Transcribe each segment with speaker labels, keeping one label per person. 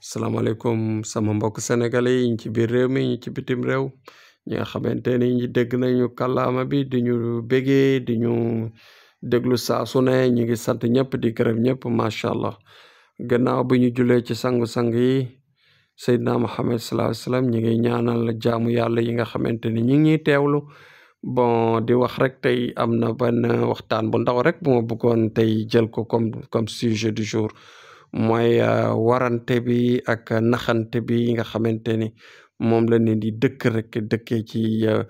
Speaker 1: salaamaaleykum sama mbokk sénégalais yi ñu ci biir réew mi ci bitim réew ñi nga xamante ni ñi dégg nañu kàllaama bi di ñu bégee di ñu déglu saa su ne ñu ngi sant ñëpp di gërëm ñëpp macha allah gannaaw bi ñu julee ci sangu-sang yi seydna muhammad sallallahu alayhi wasallam ñi ngi ñaanal jaamu yàlla yi nga xamante ni ñi ngi teewlu bon di wax rek tey am na benn waxtaan bu ndaw rek bu ma bëggoon tey jël ko comme comme sujet du jour mooy euh, warante bi ak naxante bi yi nga xamante ni moom la nit di dëkk rek dëkk ci euh,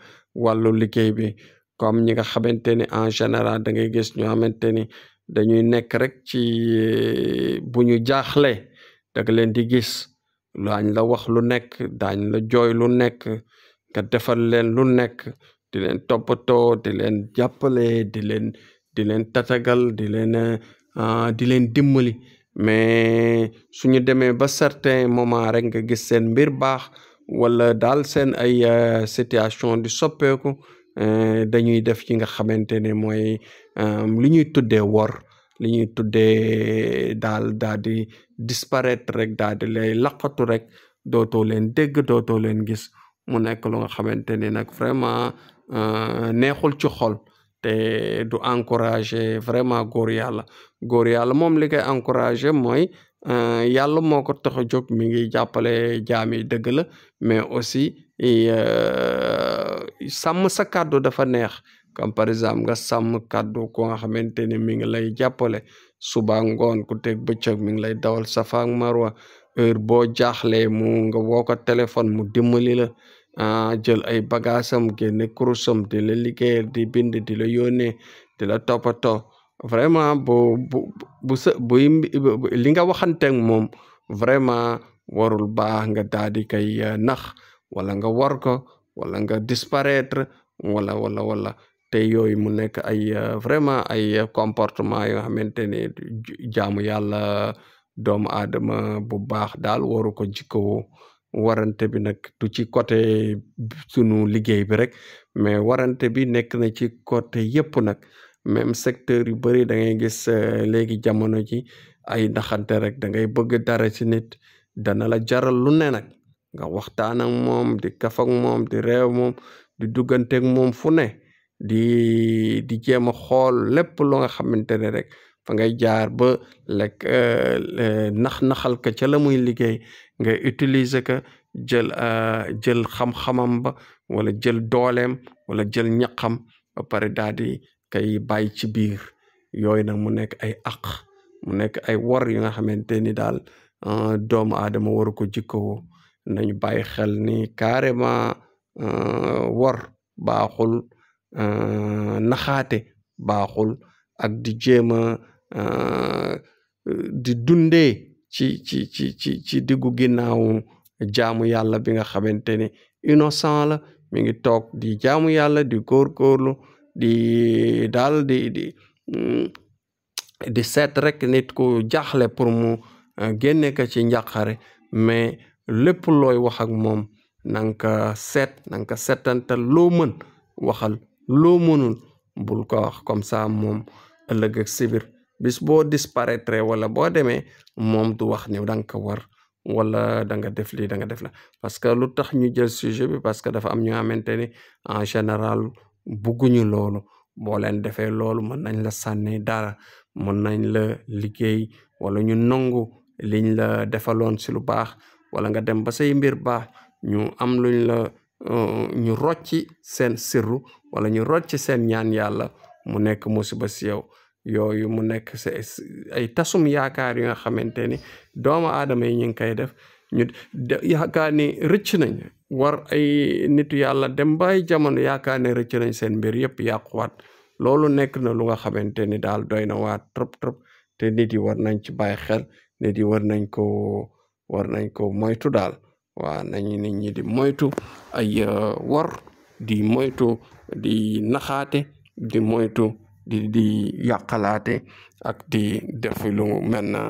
Speaker 1: wàllu liggéey bi comme ñi nga xamante ni en général da ngay gis ñoo xamante ni dañuy nekk rek ci euh, bu ñu jaaxle da leen di gis daañ la wax lu nekk daañ la jooy lu nekk nga defal leen lu nekk di leen toppatoo di leen jàppale di leen di leen tatagal di leen di leen dimbali mais su ñu demee ba certain moment rek nga gis seen mbir baax wala daal seen ay euh, situation di soppeeku euh, dañuy def ci nga xamante ne mooy euh, li ñuy tuddee wor li ñuy tuddee daal daal di disparaître rek daal di lay laqatu rek dootoo leen dégg dootoo leen gis mu nekk lu nga xamante ne nag vraiment neexul ci xol te du encourager vraiment góor yàlla góor yàlla moom li koy encourager mooy euh, yàlla moo ko tax a jóg mi ngi jàppale jaam dëgg la mais aussi euh, sàmm sa kàddu dafa neex comme par exemple nga sàmm kàddu ko nga xamante ni mi ngi lay jàppale suba ngoon ku teg bëccëg mi ngi lay dawal safa ak marwa heure boo jaaxlee mu nga woo ko téléphone mu dimbali la Ah, jël ay bagaasam génne kurusam di la liggéeyal di bind di la yónnee di la toppatoo vraiment bu bu bu sa buy li nga waxanteeg moom vraiment warul baax nga daal di koy eh, nax wala nga war ko wala nga disparaître wala wala wala te yooyu mu nekk ay eh, vraiment ay eh, comportement yoo xamante ne jaamu yàlla doomu aadama bu baax daal waru ko jikkowo warante bi nag du ci côté sunu liggéey bi rek mais warante bi nekk na ci côté yëpp nag même secteur yu bëri da ngay gis euh, léegi jamono ji ay naxante rek da ngay bëgg dara ci nit dana la jaral lu ne nag nga waxtaan ak di kaf ak moom di réew moom di duggante ak moom fu ne di di jéem a xool lépp loo nga xamante ne rek fa ngay jaar ba lekk euh, nax-naxal ka ca la muy liggéey nga utiliser ka jël euh, jël xam-xamam ba wala jël dooleem wala jël ñaqam ba pare daal kay bàyyi ci biir yooyu nag mu nekk ay aq mu nekk ay wor yu nga xamante ni daal euh, doomu aadama waru ko jikkowoo nañu bàyyi xel ni carrément wor baaxul naxaate baaxul ak di Euh, euh, di dunde ci ci ci ci ci diggu ginnaawu jaamu yàlla bi nga xamante ni innocent la mi ngi toog di jaamu yàlla di góorgóorlu di daal di di mm, di seet rek nit ku jaaxle pour mu euh, génne ko ci njàqare mais lépp looy wax ak moom nang nga ko seet na nga ko seetantal loo mën waxal loo mënul bul ko wax comme ça moom ëllëg ak sibir bis boo disparaître wala boo demee moom du wax ne da nga war wala da nga def lii da nga def la parce que lu tax ñu jël sujet bi parce que dafa am ñu xamante ni en général bugguñu loolu boo leen defee loolu mën nañ la sànni dara mën nañ la liggéey wala ñu nongu liñ la defaloon si lu baax wala nga dem ba say mbir baax ñu am luñ la euh, ñu rocci seen sirru wala ñu rocci seen ñaan yàlla mu nekk musiba si yow yooyu mu nekk ay tasum yaakaar yu nga xamante ni doomu aadama yi ñu ngi koy def ñu yaakaar ni rëcc nañ war ay nitu yàlla dem bay jamono yaakaar ne rëcc nañ seen mbir yëpp yàquwaat loolu nekk na lu nga xamante ni daal doy na waa trop trop te nit yi war nañ ci bàyyi xel nit war nañ ko war nañ ko moytu daal waa nañu nit ñi di moytu ay euh, war di moytu di naxaate di moytu di di yàqalaate ak di def lu mel na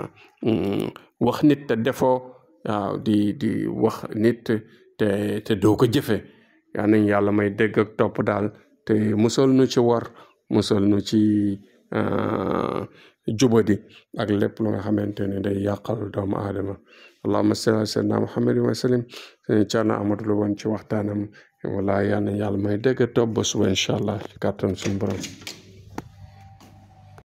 Speaker 1: mm, wax nit te defoo di di wax nit te te doo ko jëfe yaa nañ yàlla may dégg topp daal te musal nu ci war musal nu ci ah, jubadi ak lépp lu nga xamante ne day yàqal doomu aadama allahuma salli ala sayyidina muhammadin wa sallim sëñ Thierno Amadou Lo woon ci waxtaanam wala yaa nañ yàlla may dégg ak topp ba suba incha allah ci kàttan suñu